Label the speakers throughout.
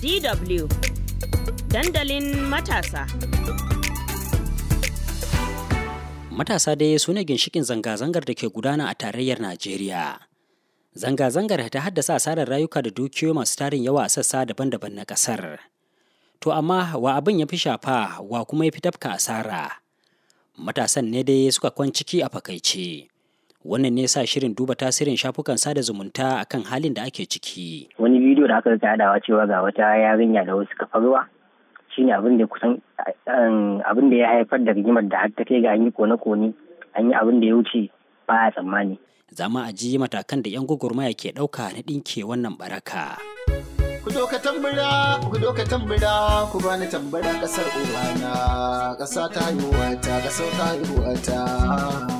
Speaker 1: DW dandalin matasa. Matasa dai su ne ginshikin zanga-zangar da ke gudana a tarayyar Najeriya. Zanga-zangar ta haddasa asarar rayuka da dukiyoyi masu tarin yawa a sassa daban-daban na ƙasar. To amma wa abin ya fi shafa wa kuma ya fi tafka asara. Matasan ne dai suka kwanciki a fakaice. wannan ne sa shirin duba tasirin shafukan sada zumunta akan halin da ake ciki
Speaker 2: wani bidiyo da aka gadawa cewa ga wata yarinya da wasu kafarwa shine abin da kusan um, abin da ya haifar da rigimar da har ta kai ga an yi kone-kone an yi
Speaker 1: abin da ya wuce ba a tsammani zama mu a ji matakan da 'yan gwagwarmaya ke ɗauka na ɗinke wannan baraka. ku doka tambura ku doka tambura ku bani tambara kasar uwana kasa ta yi wata kasar ta yi wata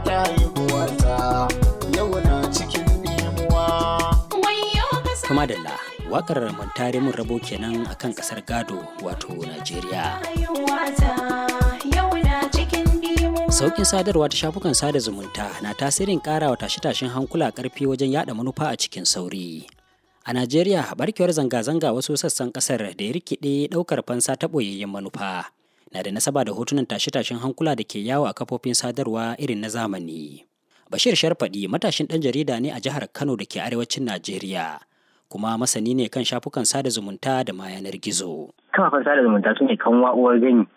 Speaker 1: wakar mantare mun rabo kenan a kan kasar gado wato najeriya sauƙin sadarwa ta shafukan sada zumunta na tasirin wa tashe-tashen hankula ƙarfi wajen yada manufa a cikin sauri a najeriya barkewar zanga-zanga wasu sassan ƙasar da ya rikide ɗaukar fansa ta ɓoyayyen manufa na da nasaba da hotunan tashe-tashen hankula da ke yawo a kafofin sadarwa irin na zamani bashir sharfaɗi matashin ɗan jarida ne a jihar kano da ke arewacin najeriya kuma masani ne kan shafukan sada zumunta da ma yanar gizo.
Speaker 2: Kafafen sada zumunta su ne kanwa uwar gani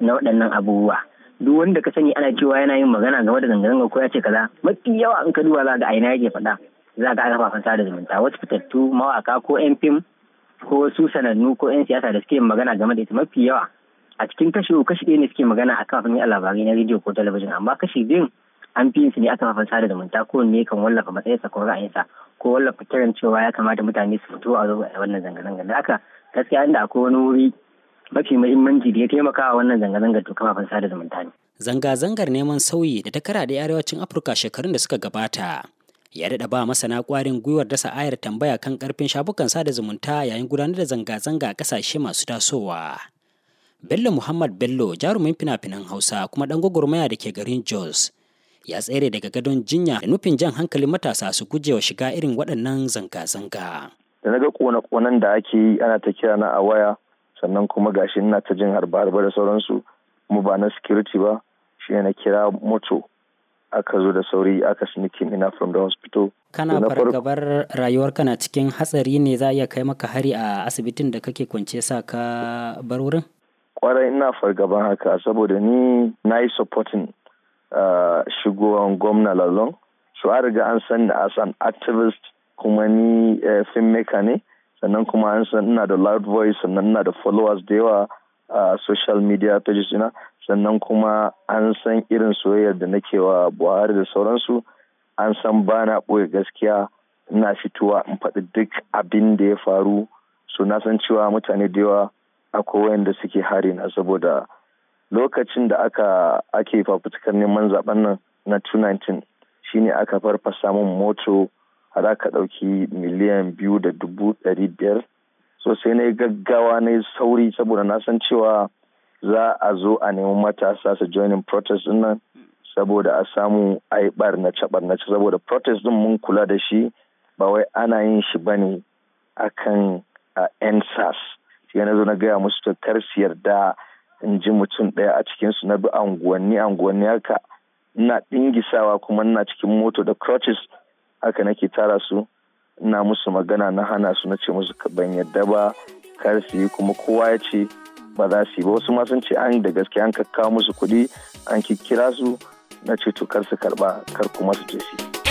Speaker 2: na waɗannan abubuwa. Duk wanda ka sani ana cewa yana yin magana game da zanga-zanga ko ya ce kaza, mafi yawa in ka duba za ga aina yake faɗa. Za ga kafafen sada zumunta wasu fitattu mawaka ko 'yan fim ko su sanannu ko 'yan siyasa da suke magana game da ita mafi yawa a cikin kashi uku kashi ɗaya ne suke magana a kafafen yin labarai na rediyo ko talabijin amma kashi biyun an fi su ne a kafafen sada zumunta ko ne kan wallafa matsayinsa ko ra'ayinsa ko wallafa kiran cewa ya kamata mutane su fito a zo a wannan zanga-zanga da aka gaskiya inda akwai wani wuri mafi muhimmanci da ya taimaka a wannan zanga-zangar to kafafen sada zumunta ne.
Speaker 1: Zanga-zangar neman sauyi da ta kara da arewacin Afirka shekarun da suka gabata. Ya daɗa ba masana ƙwarin gwiwar dasa ayar tambaya kan ƙarfin shafukan sada zumunta yayin gudanar da zanga-zanga a ƙasashe masu tasowa. Bello Muhammad Bello jarumin fina-finan Hausa kuma ɗan gwagwarmaya da ke garin Jos ya tsere daga gadon jinya da nufin jan hankalin matasa su gujewa shiga irin waɗannan zanga-zanga.
Speaker 3: Da na ga kone-konen da ake yi ana ta kira na a waya sannan kuma gashi ina ta jin harba-harba da sauransu kuma ba na security ba shi na kira moto aka zo da sauri aka sneaking mina from the hospital. Kana
Speaker 1: fargabar rayuwar kana cikin hatsari ne za iya kai maka hari a asibitin da kake kwance sa ka bar wurin?
Speaker 3: Kwarai ina fargaban haka saboda ni na yi supporting Uh, shigowan gwamna lalon su a riga an san as an activist kuma ni eh, filmmaker ne sannan kuma an san ina da loud voice sannan ina da followers da yawa a social media pages ina sannan kuma an san irin soyayyar da nake wa buhari da sauransu an san ba na ɓoye gaskiya ina fitowa in faɗi duk abin da ya faru so na san cewa mutane da yawa akwai wayanda suke hari na saboda lokacin da aka ake fafutukar neman zaben nan na 2019 shine aka farfa samun moto har aka ɗauki miliyan biyu da dubu ɗari biyar so sai na yi gaggawa na yi sauri saboda na san cewa za a zo a nemi matasa su joining protest din nan saboda a samu a yi barnace ci saboda protest din mun kula da shi ba wai ana yin shi ba ne a kan nsas sai na zo na gaya musu to kar su yarda in ji mutum ɗaya a cikinsu na bi anguwanni anguwanni haka ina ɗingisawa kuma ina cikin moto da crutches haka nake tara su ina musu magana na hana su na ce musu ban yadda ba kar su yi kuma kowa ya ce ba za su yi ba wasu ma sun ce an da gaske an kakka musu kuɗi an kikkira su na ce to kar su karba kar kuma su je
Speaker 1: su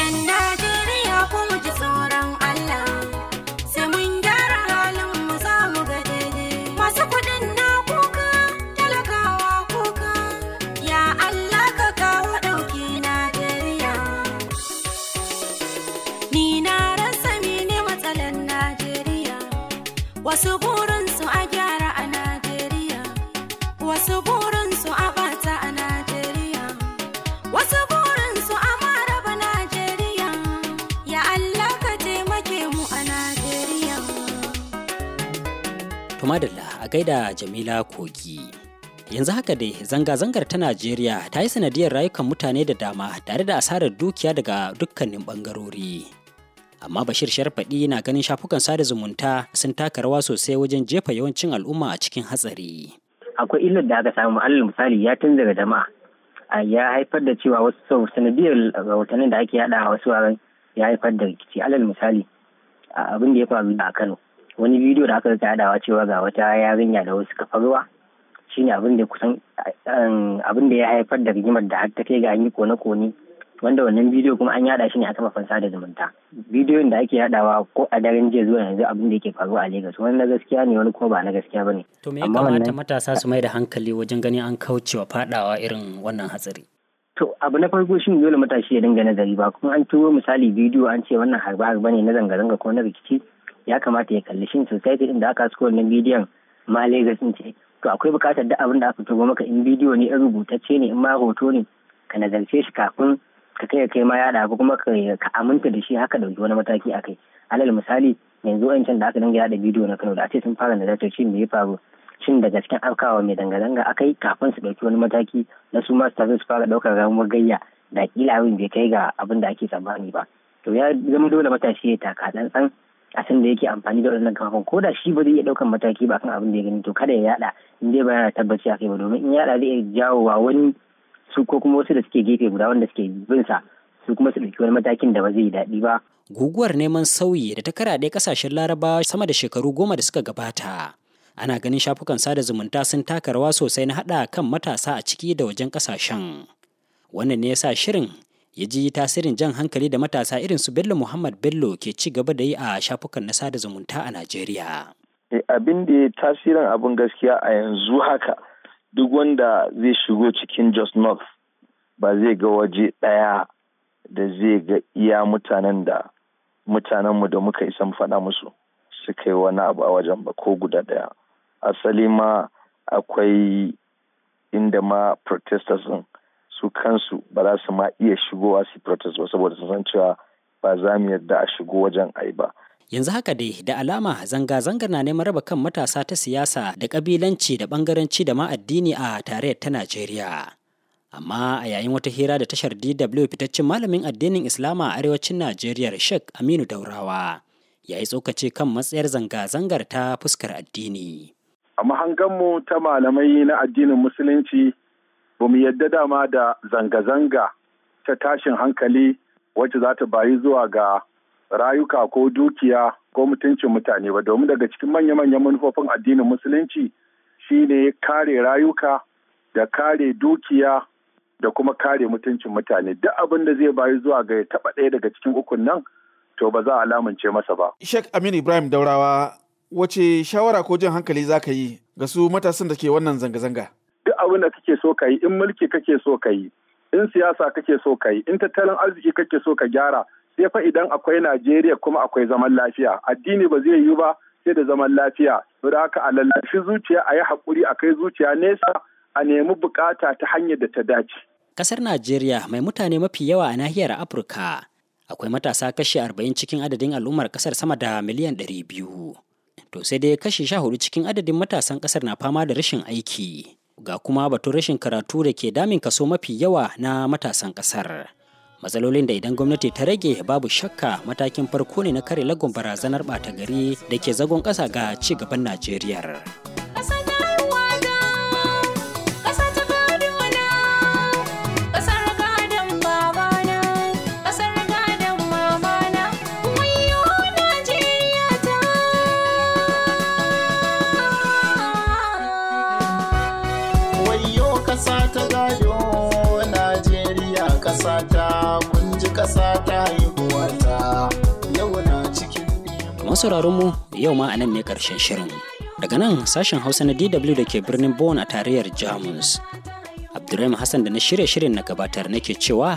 Speaker 1: Wasu burin su a bata a Najeriya, wasu burin su a Najeriya, ya Allah ka taimake mu a Najeriya. Tumadalla a gaida Jamila Kogi. Yanzu haka dai zanga-zangar ta Najeriya ta yi sanadiyar rayukan mutane da dama tare da asarar dukiya daga dukkanin bangarori. amma bashir sharfaɗi na ganin shafukan sada zumunta sun taka rawa sosai wajen jefa yawancin al'umma a cikin hatsari
Speaker 2: akwai illar da aka samu alal misali ya tun daga jama'a ya haifar da cewa wasu sau sanadiyar rahotannin da ake yada a wasu wuraren ya haifar da rikici alal misali abin da ya faru a Kano wani bidiyo da aka rika yadawa cewa ga wata yarinya da wasu kafa ruwa shine abin da abin da ya haifar da rigimar da har ta kai ga an yi kone-kone wanda wannan bidiyo kuma an yada shi ne a kafafen sada zumunta bidiyon da ake yadawa ko a daren jiya zuwa yanzu abin da yake faruwa a Lagos wani na gaskiya ne wani kuma ba na gaskiya bane to
Speaker 1: me ya kamata matasa su mai da hankali wajen ganin an kaucewa fadawa irin wannan hatsari to abu na farko shi dole matashi ya dinga nazari
Speaker 2: ba kuma an turo misali bidiyo an ce wannan harba harba ne na zanga-zanga ko na rikici ya kamata ya kalli shin society din da aka suka wannan bidiyon ma Lagos din ce to akwai bukatar da abin da aka turo maka in bidiyo ne in rubutacce ne in ma hoto ne ka nazarce shi kafin ka kai kai ma ya da ko kuma ka aminta da shi haka dauki wani mataki a kai alal misali yanzu can da aka dinga yada bidiyo na Kano da a sun fara da zato shin me ya faru shin daga cikin afkawa mai danga-danga aka kafin su dauki wani mataki na su ma su su fara daukar ramuwar gayya da kila abin bai kai ga abin da ake tsammani ba to ya zama dole matashi ya taka san a san da yake amfani da waɗannan kafin ko da shi ba zai iya ɗaukar mataki ba kan abin da ya gani to kada ya yaɗa in dai ba yana tabbaci a kai ba domin in yada zai jawo wa wani su ko kuma wasu da suke gefe guda wanda suke bin sa su kuma su
Speaker 1: ɗauki wani matakin da ba zai daɗi ba. Guguwar neman sauyi da ta karaɗe ƙasashen larabawa sama da shekaru goma da suka gabata. Ana ganin shafukan sada zumunta sun taka rawa sosai na haɗa kan matasa a ciki da wajen ƙasashen. Wannan ne yasa shirin ya ji tasirin jan hankali da matasa irin su Bello Muhammad Bello ke ci gaba da yi a shafukan na sada zumunta a Najeriya.
Speaker 3: Eh, abin da tasirin abin gaskiya a yanzu haka duk wanda zai shigo cikin Jos North ba zai ga waje ɗaya da zai ga iya mutanen da mutanenmu da muka isan faɗa musu suka yi wani abu a wajen ba ko guda ɗaya. Asali ma akwai inda ma protesters ɗin su kansu ba za su ma iya shigowa su protest ba saboda sun san cewa ba za mu yarda a shigo wajen ai ba.
Speaker 1: yanzu haka dai da alama zanga-zangar na neman raba kan matasa ta siyasa da kabilanci da ɓangaranci da ma addini a tarayyar ta najeriya amma a yayin wata hira da tashar dw fitaccen malamin addinin islama a arewacin najeriya sheikh aminu daurawa ya yi tsokace kan matsayar zanga-zangar ta fuskar addini
Speaker 3: a mahanganmu ta malamai na addinin musulunci ba mu yadda dama da zanga-zanga ta tashin hankali wacce za ta bayi zuwa ga rayuka ko dukiya ko mutuncin mutane ba domin daga cikin manya-manyan manufofin addinin musulunci shine kare rayuka da kare dukiya da kuma kare mutuncin mutane duk abin da zai bayu zuwa ga ya taba ɗaya daga cikin ukun nan to ba za a lamunce masa ba.
Speaker 1: Sheikh Aminu Ibrahim Daurawa wace shawara ko jin hankali za ka yi ga su matasan da ke wannan zanga-zanga?
Speaker 3: Duk abin da kake so ka yi in mulki kake so ka yi in siyasa kake so ka yi in tattalin arziki kake so ka gyara sai fa idan akwai Najeriya kuma akwai zaman lafiya addini ba zai yiwu ba sai da zaman lafiya saboda haka a lallashi zuciya a yi haƙuri a kai zuciya nesa a nemi bukata ta hanyar da ta dace.
Speaker 1: Kasar Najeriya mai mutane mafi yawa a nahiyar Afirka akwai matasa kashi arba'in cikin adadin al'ummar kasar sama da miliyan ɗari biyu. To sai dai kashi hudu cikin adadin matasan kasar na fama da rashin aiki. Ga kuma batun rashin karatu da ke damin kaso mafi yawa na matasan kasar. matsalolin da idan gwamnati ta rage babu shakka matakin farko ne na kare lagon barazanar ɓata gari da ke zagon ƙasa ga ci gaban najeriya sauraron mu yau ma a nan ne karshen shirin daga nan sashen hausa na dw da ke birnin bon a tarayyar jamus abdurrahim hassan da na shirya shirin na gabatar nake cewa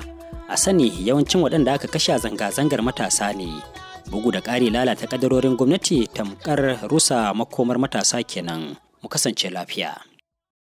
Speaker 1: a sani yawancin waɗanda aka kashe zanga-zangar matasa ne bugu da ƙari lalata kadarorin gwamnati tamkar rusa makomar matasa kenan mu kasance lafiya